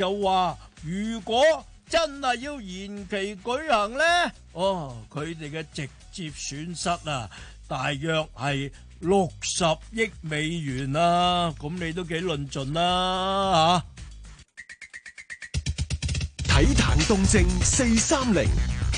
就話如果真係要延期舉行呢，哦，佢哋嘅直接損失啊，大約係六十億美元啦，咁你都幾論盡啦吓。體壇動靜四三零，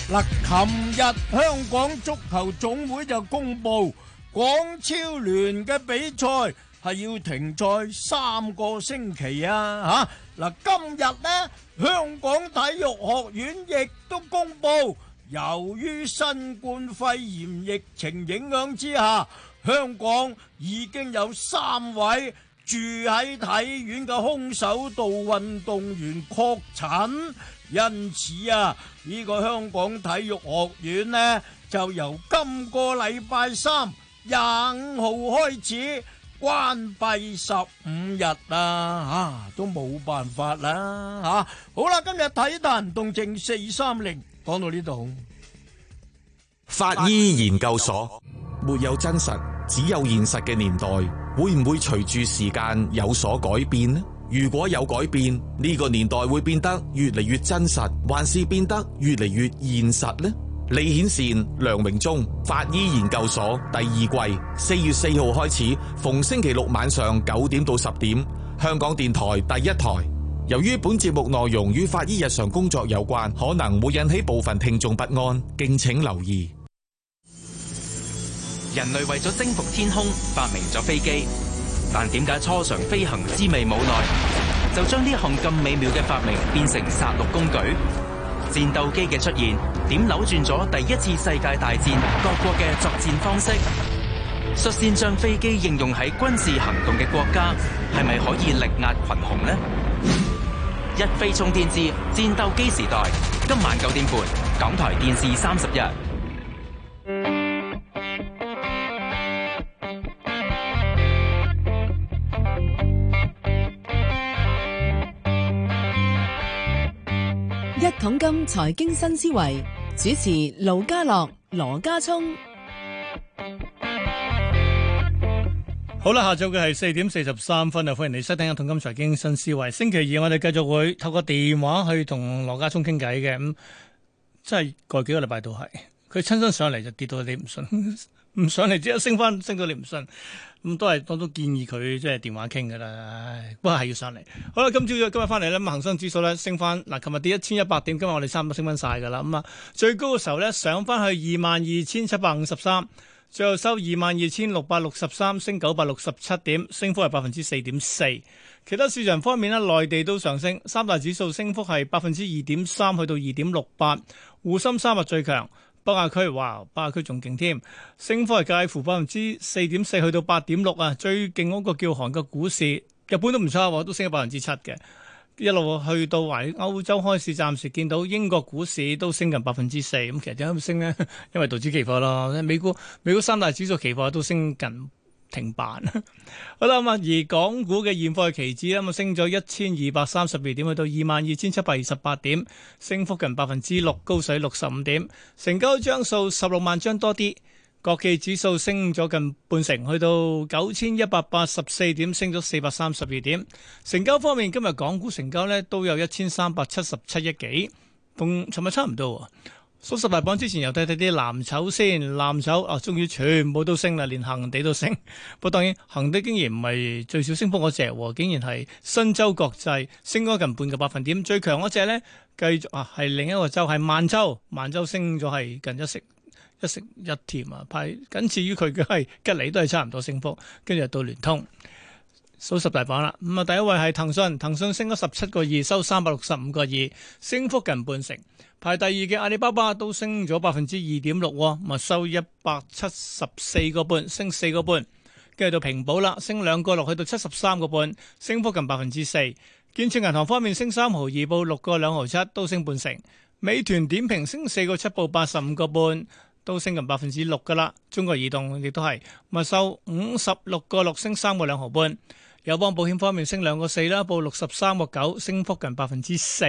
嗱，琴日香港足球總會就公布港超聯嘅比賽，係要停賽三個星期啊！吓、啊、嗱，今日呢，香港體育學院亦都公布，由於新冠肺炎疫情影響之下，香港已經有三位住喺體院嘅空手道運動員確診，因此啊，呢、這個香港體育學院呢，就由今個禮拜三廿五號開始。關閉十五日啊，吓、啊、都冇辦法啦，吓、啊、好啦，今日睇彈動靜四三零，講到呢度。法醫研究所沒有真實，只有現實嘅年代，會唔會隨住時間有所改變呢？如果有改變，呢、這個年代會變得越嚟越真實，還是變得越嚟越現實呢？李顯善、梁榮忠，法醫研究所第二季，四月四號開始，逢星期六晚上九點到十點，香港電台第一台。由於本節目內容與法醫日常工作有關，可能會引起部分聽眾不安，敬請留意。人類為咗征服天空，發明咗飛機，但點解初嘗飛行滋味冇耐，就將呢項咁美妙嘅發明變成殺戮工具？戰鬥機嘅出現，點扭轉咗第一次世界大戰各國嘅作戰方式？率先將飛機應用喺軍事行動嘅國家，係咪可以力壓群雄呢？一飛衝天之戰鬥機時代，今晚九點半，港台電視三十一。財經新思維主持盧家樂、羅家聰，好啦，下晝嘅係四點四十三分啊，歡迎你收聽《一桶同金財經新思維》。星期二我哋繼續會透過電話去同羅家聰傾偈嘅，咁即係過去幾個禮拜都係佢親身上嚟，就跌到你唔信。 唔上嚟只升翻，升到你唔信，咁都係我都建議佢即係電話傾噶啦，不過係要上嚟。好啦，今朝今日翻嚟呢，恒生指數呢升翻，嗱，琴日跌一千一百點，今日我哋三日升翻晒噶啦，咁啊最高嘅時候呢，上翻去二萬二千七百五十三，最後收二萬二千六百六十三，升九百六十七點，升幅係百分之四點四。其他市場方面呢，內地都上升，三大指數升幅係百分之二點三去到二點六八，滬深三百最強。北亞區話，北亞區仲勁添，升幅係介乎百分之四點四去到八點六啊！最勁嗰個叫韓國嘅股市，日本都唔錯喎，都升咗百分之七嘅，一路去到懷歐洲開市，暫時見到英國股市都升近百分之四。咁其實點解咁升呢？因為道指期貨咯，美股，美股三大指數期貨都升近。停辦。 好啦，咁而港股嘅現貨期指啊，咁升咗一千二百三十二點，去到二萬二千七百二十八點，升幅近百分之六，高水六十五點，成交張數十六萬張多啲。國企指數升咗近半成，去到九千一百八十四點，升咗四百三十二點。成交方面，今日港股成交呢都有一千三百七十七億幾，同尋日差唔多。數十大榜之前又睇睇啲藍籌先，藍籌啊，終於全部都升啦，連恒地都升。不過當然恒地竟然唔係最少升幅嗰隻，竟然係申洲國際升咗近半個百分點。最強嗰隻咧繼續啊，係另一個洲，係萬洲。萬洲升咗係近一成一成一甜啊，排僅次於佢嘅，係吉利都係差唔多升幅，跟住到聯通。收十大榜啦。咁啊，第一位係騰訊，騰訊升咗十七個二，收三百六十五個二，升幅近半成。排第二嘅阿里巴巴都升咗百分之二點六，咪收一百七十四個半，升四個半。跟住到平保啦，升兩個六，去到七十三個半，升幅近百分之四。建設銀行方面升三毫二，報六個兩毫七，都升半成。美團點評升四個七，報八十五個半，都升近百分之六噶啦。中國移動亦都係咪收五十六個六，升三個兩毫半。友邦保險方面升兩個四啦，報六十三個九，升幅近百分之四。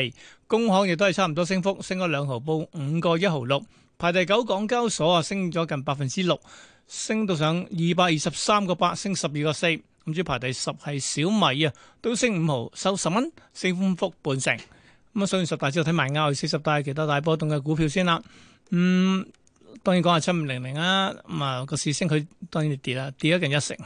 工行亦都係差唔多升幅，升咗兩毫，報五個一毫六。排第九港交所啊，升咗近百分之六，升到上二百二十三個八，升十二個四。咁至於排第十係小米啊，都升五毫，收十蚊，升幅半成。咁啊，數完十大之後睇埋亞市四十大其他大波動嘅股票先啦。嗯，當然講下七五零零啊，咁啊個市升佢當然跌啦，跌咗近一成。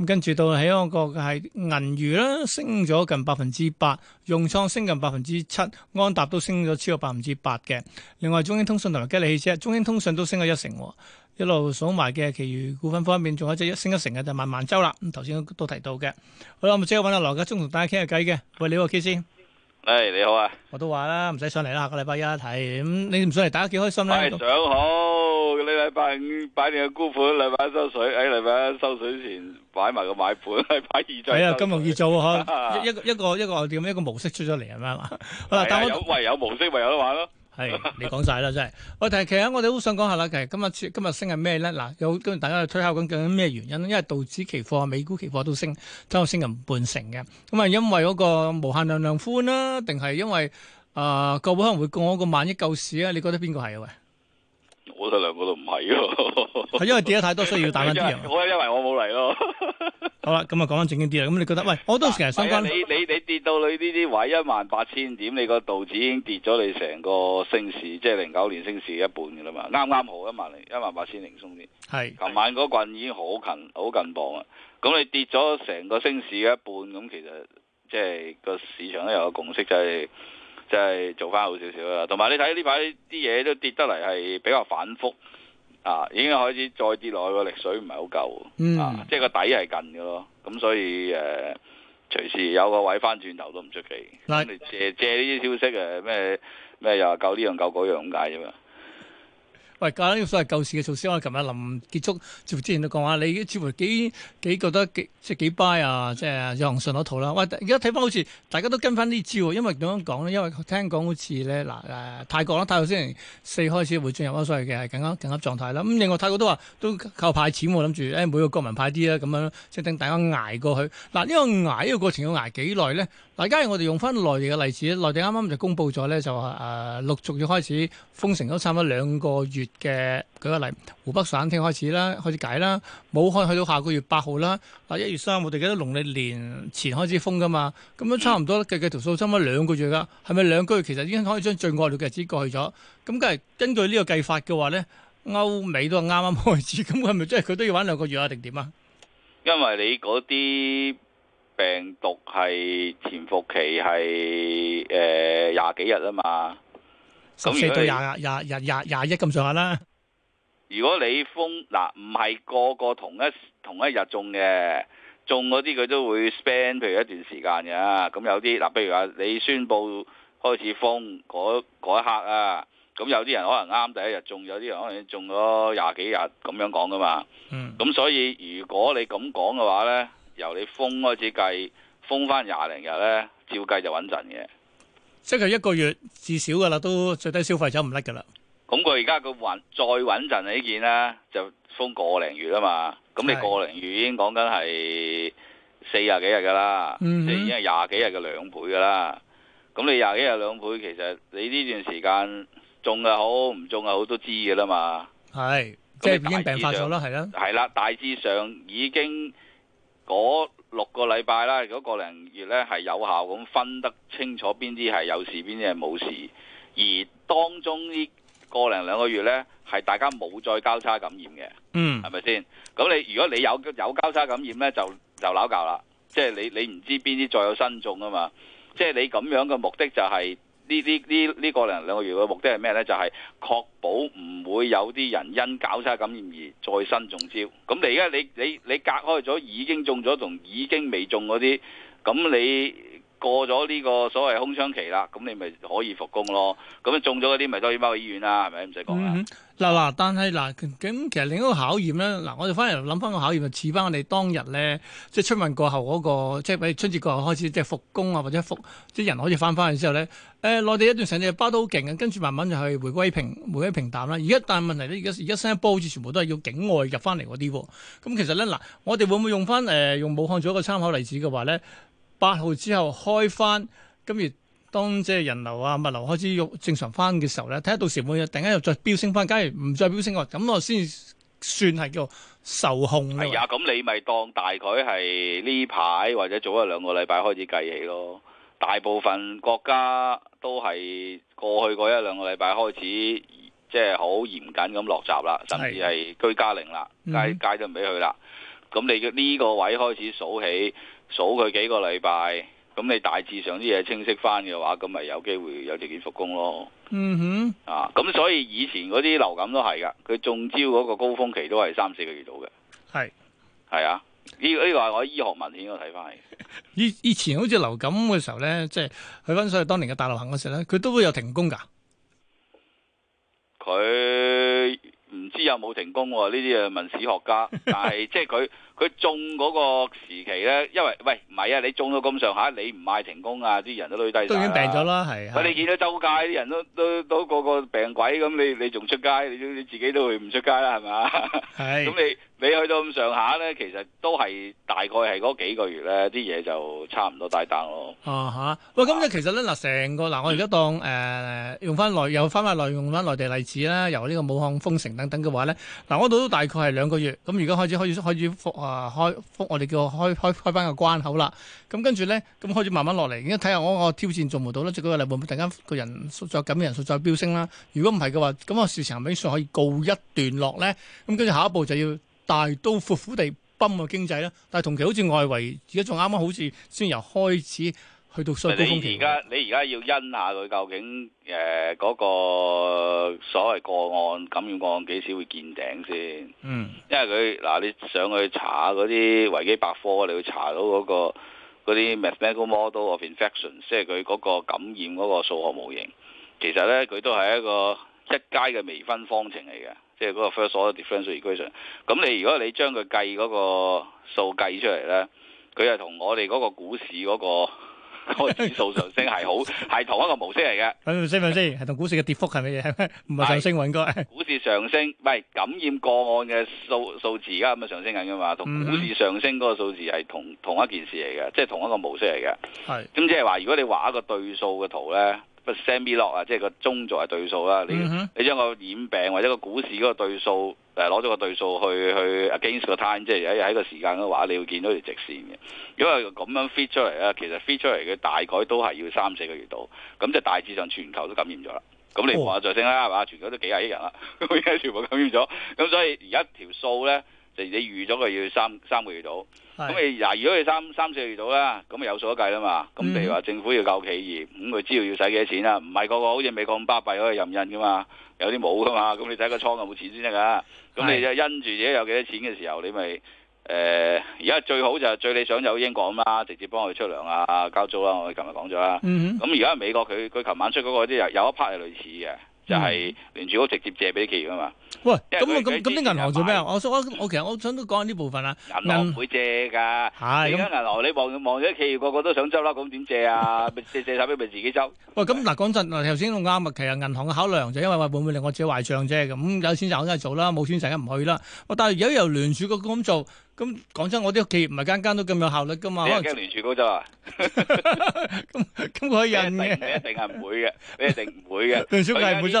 咁跟住到喺香港嘅係銀娛啦，升咗近百分之八，融創升近百分之七，安踏都升咗超過百分之八嘅。另外中興通訊同埋吉利汽車，中興通訊都升咗一成，哦，一路數埋嘅。其餘股份方面，仲有一隻升一成嘅就慢慢萬洲啦。咁頭先都提到嘅，好啦，我即刻揾阿羅家聰同大家傾下偈嘅，喂你個機先。K 誒，hey，你好啊！我都話啦，唔使上嚟，啦，下個禮拜一睇，咁、嗯，你唔上嚟打得幾開心啦！上好，你禮拜五擺定個沽盤，禮拜一收水，誒、哎，禮拜一收水前擺埋個買盤，擺二張。係啊，金融業做開，一個一個一個點一個模式出咗嚟係咪啊？好啦，但我唯有，有模式咪有得玩咯。係、哎、你講晒啦，真係。但係其實我哋好想講下啦，其實今日今日升係咩咧？嗱，有跟大家去推敲緊究竟咩原因？因為道指期貨、美股期貨都升，都有升近半成嘅。咁啊，因為嗰個無限量量寬啦，定係因為啊，呃、各個股可能會過嗰個萬億救市咧？你覺得邊個係啊？喂，我得兩個都唔係，係 因為跌得太多需要打温貼啊！ 我係因為我冇嚟咯。 好啦，咁啊講翻正經啲啦。咁你覺得？喂，我都成日相關。係啊，你你你跌到你呢啲位一萬八千點，你個道指已經跌咗你成個升市，即係零九年升市一半噶啦嘛。啱啱好一萬零一萬八千零鬆啲。係是。琴晚嗰棍已經好近好近磅啦。咁你跌咗成個升市嘅一半，咁其實即係個市場都有個共識，就係即係做翻好少少啦。同埋你睇呢排啲嘢都跌得嚟，係比較反覆。啊，已經開始再跌落去喎，力水唔係好夠，嗯、啊，即係個底係近嘅咯，咁所以誒、啊，隨時有個位翻轉頭都唔出奇，的你借借啲消息，誒咩咩又話救呢樣救嗰樣咁解啫嘛。夠夠這樣這樣喂，講緊呢個所謂救市嘅措施。我哋琴日臨結束，趙胡之前都講話，你趙胡幾幾覺得幾即係幾 buy 啊？即係楊信嗰套啦。喂，而家睇翻好似大家都跟翻呢招，因為點樣講咧？因為聽講好似咧嗱誒泰國啦，泰國星期四開始會進入咗所謂嘅緊緊急狀態啦。咁另外泰國都話都靠派錢，諗住誒每個國民派啲啦，咁樣即係等大家捱過去嗱。呢個捱呢、呢個過程要捱幾耐咧？大家，我哋用翻內地嘅例子，內地啱啱就公布咗咧，就話誒、呃，陸續要開始封城咗差唔多兩個月嘅。舉個例，湖北省先開始啦，開始解啦，武漢去到下個月八號啦，啊一月三號，我哋記得農曆年前開始封噶嘛。咁、嗯、都、嗯、差唔多嘅，嘅條數差唔多兩個月噶。係咪兩個月其實已經可以將最惡劣嘅日子過去咗？咁梗係根據呢個計法嘅話咧，歐美都係啱啱開始，咁係咪即係佢都要玩兩個月啊？定點啊？因為你嗰啲。病毒係潛伏期係誒廿幾日啊嘛，十四對廿廿廿廿廿一咁上下啦。如果你封嗱唔係個個同一同一日中嘅，中嗰啲佢都會 spend 譬如一段時間嘅。咁有啲嗱，譬、啊、如話你宣布開始封嗰一刻啊，咁有啲人可能啱第一日中，有啲人可能中咗廿幾日咁樣講噶嘛。咁、嗯、所以如果你咁講嘅話咧，由你封開始計，封翻廿零日咧，照計就穩陣嘅。即係一個月至少噶啦，都最低消費走唔甩噶啦。咁佢而家佢穩再穩陣呢件咧，就封個零月啊嘛。咁你個零月已經講緊係四十幾日噶啦，即係是已經係廿幾日嘅兩倍噶啦。咁、嗯、哼你廿幾日兩倍，其實你呢段時間中嘅好唔中又好都知噶啦嘛。係，即係已經病發咗啦，係啦。係啦，大致上已經。嗰六個禮拜啦，如果個零月咧係有效咁分得清楚邊啲係有事，邊啲係冇事。而當中呢個零兩個月咧，係大家冇再交叉感染嘅，嗯，係咪先？咁你如果你有有交叉感染咧，就就撈教啦，即係你你唔知邊啲再有新種啊嘛，即係你咁樣嘅目的就係。呢啲呢呢個兩兩個月嘅目的係咩咧？就係確保唔會有啲人因搞差感染而再生中招。咁你而家你你你隔開咗已經中咗同已經未中嗰啲，咁你，過咗呢個所謂空窗期啦，咁你咪可以復工咯。咁啊中咗嗰啲咪都要翻去醫院啦，係咪？唔使講啦。嗱嗱、嗯，但係嗱，咁其實另一個考驗咧，嗱，我哋翻嚟諗翻個考驗，就似翻我哋當日咧，即係春運過後嗰、那個，即係比春節過後開始即係復工啊，或者復即係人可以翻翻去之後咧，誒、呃，內地一段成日包都好勁，跟住慢慢就係回歸平，回歸平淡啦。而家但係問題咧，而家而家新一波好似全部都係要境外入翻嚟嗰啲。咁、嗯、其實咧，嗱，我哋會唔會用翻誒、呃、用武漢做一個參考例子嘅話咧？八號之後開翻，咁如當即係人流啊、物流開始正常翻嘅時候呢，睇下到時會突然間又再飆升翻。假如唔再飆升嘅話，咁我先算係叫受控咯。係啊、哎，咁你咪當大概係呢排或者早一兩個禮拜開始計起咯。大部分國家都係過去嗰一兩個禮拜開始即係好嚴謹咁落閘啦，甚至係居家令啦，街是街都唔俾去啦。咁你呢個位開始數起。數佢幾個禮拜，咁你大致上啲嘢，清晰翻嘅話，咁咪有機會有只件復工咯。嗯哼，啊，咁所以以前嗰啲流感都係噶，佢中招嗰個高峰期都係三四個月度嘅。係，係啊，呢、呢個係我醫學文獻我睇翻嚟。以以前好似流感嘅時候呢，即係去溫所以當年嘅大流行嗰時呢，佢都會有停工噶。佢。唔知有冇停工喎？呢啲啊，文史學家，但係即係佢佢種嗰個時期咧，因為喂。係啊，你中到咁上下，你唔賣停工啊？啲人都攞低，都已經病咗啦，係。你見到周街啲人都都都個個病鬼咁，你你仲出街？你你自己都會唔出街啦，係咪？係。咁你你去到咁上下咧，其實都係大概係嗰幾個月咧，啲嘢就差唔多大單咯。啊吓，喂，咁即係其實咧嗱，成個嗱，我而家當誒用翻內又翻翻內用翻內地例子啦，由呢個武漢封城等等嘅話咧，嗱，嗰度都大概係兩個月，咁而家開始開始開始復啊開復，我哋叫開開開翻個關口啦。咁、嗯、跟住咧，咁、嗯、開始慢慢落嚟。而家睇下我個挑戰做唔到咧，即、就、嗰、是、個例會唔會突然間個人作感染人數再飆升啦？如果唔係嘅話，咁個事情可唔可以告一段落咧？咁、嗯、跟住下一步就要大刀闊斧地崩個經濟啦。但係同期好似外圍而家仲啱啱好似先由開始。去到你而家你而家要問下佢究竟誒嗰、呃嗰個所謂個案感染個案幾時會見頂先？嗯，因為佢嗱，你上去查嗰啲維基百科，你會查到嗰、嗰個嗰啲 mathematical model of infection，即係佢嗰個感染嗰個數學模型。其實咧，佢都係一個一階嘅微分方程嚟嘅，即係嗰個 first order differential equation。咁你如果你將佢計嗰個數計出嚟咧，佢係同我哋嗰個股市嗰、嗰個。個 指數上升係好，係同一個模式嚟嘅。係咪先？係同股市嘅跌幅係乜嘢？唔 係上升應該。 股市上升，唔係，感染個案嘅數數字而家咁樣上升緊噶嘛？同股市上升嗰個數字係同同一件事嚟嘅，即係同一個模式嚟嘅。係。咁即係話，如果你畫一個對數嘅圖咧，不 semi-log 啊，即係個中軸係對數啦。你 你將個染病或者個股市嗰個對數。誒攞咗個對數去去 against 個 time，即係喺個時間嘅話，你要見到條直線嘅。如果係咁樣 fit 出嚟咧，其實 fit 出嚟嘅大概都係要三四個月度，咁就大致上全球都感染咗啦。咁你話再升啦係嘛？全球都幾廿億人啦，而家全部感染咗，咁所以而家條數咧。你預咗佢要三三個月到，咁你嗱，如果係三三四月到啦，咁咪有數可計啦嘛。咁譬、嗯、如話政府要救企業，咁佢知道要使幾多錢啦、啊，唔係個個好似美國咁巴閉可以任印㗎嘛，有啲冇㗎嘛。咁你睇個倉有冇錢先得㗎，咁是你就因住自己有幾多錢嘅時候，你咪誒而家最好就係、是、最理想就英國咁嘛，直接幫佢出糧啊交租啦、啊。我哋琴日講咗啦，咁而家美國佢佢琴晚出嗰、那個啲又有，有一 part 係類似嘅。就係聯儲局直接借俾企業啊嘛！喂，咁我咁咁啲銀行做咩啊？我我我其實我想都講下呢部分啦。銀行唔會借噶，係，咁銀行你望望咗企業個個都想執啦，咁點借啊？借借曬俾咪自己執？喂，咁嗱講真嗱頭先都啱啊！其實銀行嘅考量就因為話會唔會令我自己壞帳啫咁。有錢就肯定做啦，冇錢成日唔去啦。我但係如果由聯儲局咁做，咁講真，我啲企業唔係間間都咁有效率噶嘛？你係驚聯儲局啫嘛？咁咁可以人嘅，你一定係唔會嘅，你一定唔會嘅，聯儲局係唔會收。佢而家呢條屎橋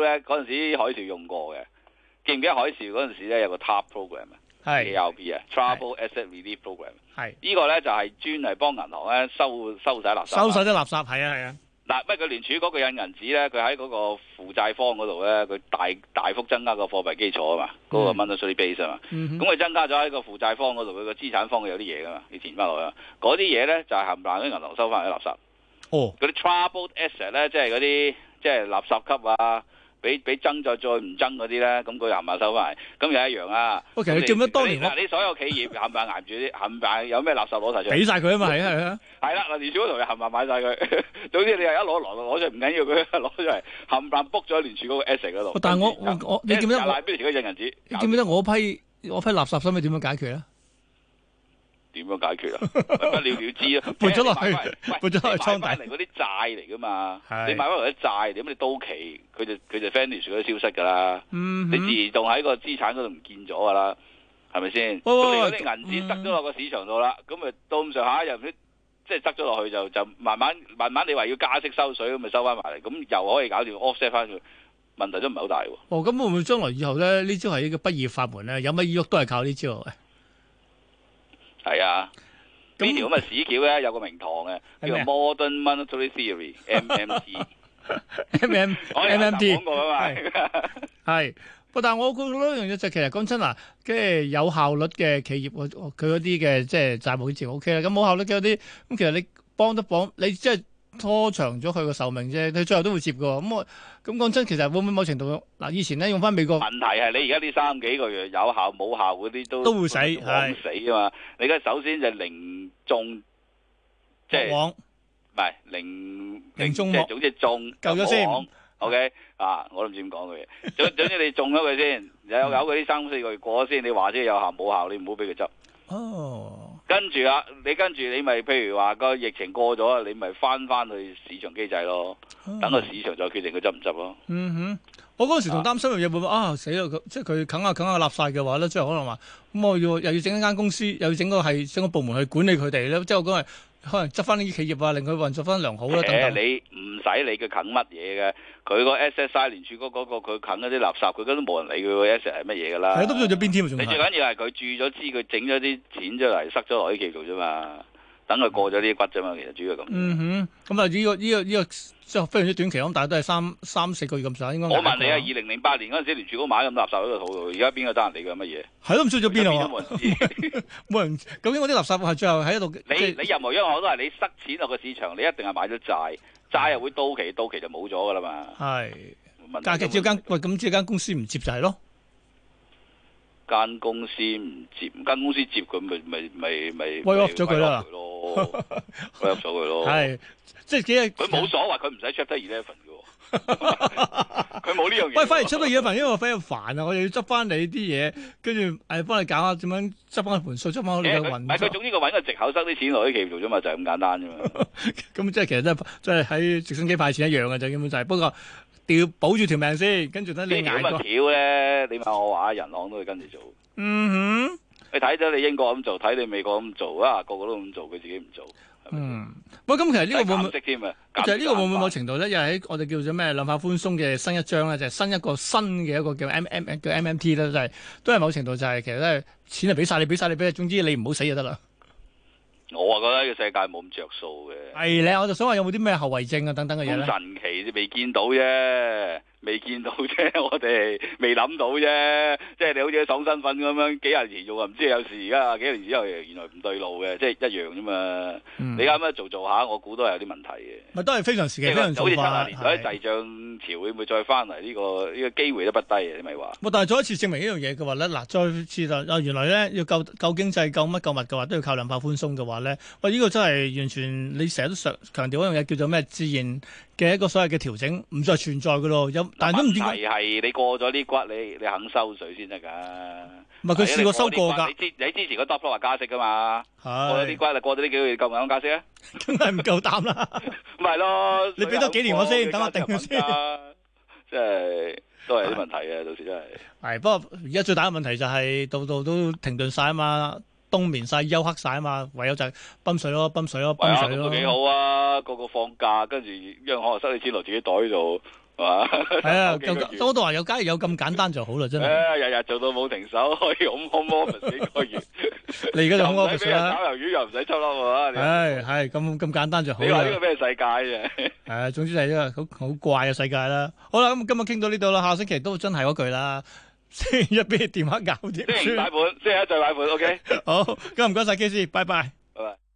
咧，嗰陣時海嘯用過嘅，記唔記得海嘯嗰陣時咧有個 TARP Program 啊是，係 TARP，啊，Trouble 是 Asset Relief Program，係是呢個咧就係專係幫銀行咧收收晒垃圾，收晒啲垃圾，係啊係啊，嗱，乜佢聯儲嗰個印銀紙咧，佢喺嗰個負債方嗰度咧，佢大大幅增加個貨幣基礎啊嘛，嗰、嗯、個 Monetary Base 啊嘛，咁佢、嗯、哼增加咗喺個負債方嗰度，佢、個資產方有啲嘢噶嘛，你填翻落去，嗰啲嘢咧就係冚唪唥嗰啲銀行收翻啲垃圾，哦，嗰啲 Trouble Asset 咧即係嗰啲。即係垃圾級啊！俾俾爭再再唔爭嗰啲咧，咁佢又唔係收埋，咁又一樣啊！其實你點樣當年嗱？你所有企業冚唪唥住啲冚唪唥有咩垃圾攞晒出嚟？俾晒佢啊嘛，係啊係啊，係啦！嗱，聯儲嗰度又冚唪唥買晒佢，總之你又一攞攞攞出，唔緊要佢攞出嚟，冚唪唥 book 咗聯儲嗰個 asset 度。但係我我你點樣？又賴邊條印銀紙？你記唔記得我批我批垃圾收尾點樣解決咧？點樣解決啊？不了了之咯，撥咗落去，撥咗落去，買翻嚟嗰啲債嚟噶嘛？你買翻嚟啲債，點解你到期，佢就佢就 vanish 咗，消失噶啦。嗯，你自然仲喺個資產嗰度唔見咗噶啦，係咪先？咁如果你銀紙得咗落個市場度啦，咁咪到咁上下又唔知，即係得咗落去就就慢慢慢慢，你話要加息收水咁咪收翻埋嚟，咁又可以搞掂 offset 翻佢，問題都唔係好大。哦，咁會唔會將來以後咧呢招係一個不二法門咧？有乜意喐都係靠呢招。係啊，呢條咁嘅屎橋咧，有個名堂嘅，叫做 Modern Monetary Theory（MMT）。M.M. M.M.T. 過啦嘛，係。不，但係我覺得一樣嘢就，其實講真啊，即係有效率嘅企業，佢嗰啲嘅即係債務以前 O.K. 啦。咁冇效率嘅嗰啲，咁其實你幫得幫，你即係。拖長咗佢個壽命啫，佢最後都會接㗎。咁我咁講真，其實會唔會某程度嗱？以前咧用翻美國，問題係你而家呢三幾個月有效冇效嗰啲都都會死，枉死啊嘛！是你而家首先就零中，即係枉唔係零零中，即係即總之中夠咗先。啊 OK 啊，我都唔知點講佢嘢。總之你中咗佢先， 有有佢啲三四個月過咗先，你話先有效冇效，你唔好俾佢執。哦。Oh. 跟住啊，你跟住你咪，譬如話個疫情過咗，你咪翻翻去市場機制咯，啊、等個市場再決定佢執唔執咯。嗯哼，我嗰陣時同擔心有嘢會唔會啊，啊，啊死啦！即係佢啃下啃下立晒嘅話咧，即係可能話咁我要又要整一間公司，又要整個係整個部門去管理佢哋咧，即係我嗰係。可能執翻啲企業啊，令佢運作翻良好啦、啊，等等。欸、你唔使理佢啃乜嘢嘅，佢個 SSI 連署嗰個佢啃嗰啲垃圾，佢都冇人理佢、SI，一成係乜嘢噶啦。係都唔知去邊添，你最緊要係佢注咗資，佢整咗啲錢出嚟，塞咗落啲企業啫嘛。等佢過咗呢啲骨啫嘛，其實主要咁。嗯哼，咁啊呢個呢、呢個呢、呢個即係非常之短期，大家都係三三四個月咁上下。應該我問你啊，二零零八年嗰陣時，連住嗰買咁垃圾喺個肚度，而家邊個得人理佢乜嘢？係咯，出咗邊度？冇人知。冇人究竟嗰啲垃圾係最後喺度？你你任何一行都係你塞錢落個市場，你一定係買咗債，債又會到期，嗯、到期就冇咗噶啦嘛。係的。價格之間喂，咁即係間公司唔接債咯。間公司唔接，間公司接佢咪咪咪咪屈咗佢咯，佢屈咗佢咯。係，即係幾啊？佢冇 所謂，佢唔使 check 得 eleven 噶。佢冇呢樣嘢。喂，反而 check 得 eleven，因為我非常煩啊，我哋要執翻你啲嘢，跟住誒幫你搞下點樣執翻一盤數，執翻啲嘢運。唔 係， 佢總之佢揾個藉口收啲錢落企業度啫嘛，就係咁簡單啫嘛。咁即係其實即係即係喺直升機派錢一樣嘅，最根本就係不過。要保住條命先，跟住得呢眼。咁啊，橋咧，點解我話人行都要跟住做？嗯哼，你睇咗你英國咁做，睇你美國咁做啊，個個都咁做，佢自己唔做。嗯，喂，咁其實呢個會唔會就係呢個會唔會某程度咧，又係喺我哋叫做咩量化寬鬆嘅新一章咧，就係新一個新嘅一個叫 M M 叫 M M T 咧，就係都係某程度就係其實都係錢係俾晒你，俾晒你，俾你，總之你唔好死就得啦。我啊覺得呢個世界冇咁着數嘅，係咧，我就想話有冇啲咩後遺症啊等等嘅嘢咧？咁神奇啫，未見到啫。未見到啫，我哋未諗到啫。即係你好似爽身粉咁樣幾廿年用啊，唔知有時而家幾廿年之後原來唔對路嘅，即係一樣啫嘛。嗯、你啱啱做一做下，我估都係有啲問題嘅。咪都係非常時期，實非常早年嗰啲滯漲潮會唔會再翻嚟？呢、這個呢、這個機會都不低嘅。你咪話。但係再一次證明呢樣嘢嘅話咧，嗱，再次就原來咧要救救經濟、救乜救物嘅話，都要靠量化寬鬆嘅話咧，喂，呢個真係完全你成日都強強調嗰樣嘢叫做咩？自然嘅一個所謂嘅調整唔再存在嘅咯。但都唔知係你過咗啲骨，你你肯收水先得噶。唔係佢試過收過噶，你之你之前個 doctor 話加息噶嘛。過咗啲骨啊，過咗呢幾個月夠唔夠加息啊？咁咪唔夠膽啦，唔係咯？你俾多幾年我先，等我定咗先。即係都係啲問題嘅，到時真係。係不過而家最大嘅問題就係到度都停頓晒啊嘛，冬眠晒、休克晒啊嘛，唯有就泵水咯，泵水咯，泵水咯。咁都幾好啊！個個放假，跟住一樣可能塞啲錢落自己袋度。係啊，多到話有，假如有咁簡單就好啦，真係。誒，日日做到冇停手，可以摸摸摸四個月。你而家就 home office 啦。炒魷魚又唔使出笠，係嘛？係係咁咁簡單就好啦。你話呢個咩世界啫？係啊，總之就係呢個好好怪嘅世界啦。好啦，咁今日傾到呢度啦，下星期都真係嗰句啦，一邊電話搞掂一邊擺盤，先啊，再擺盤。OK，好，唔該晒基師，拜拜，拜拜。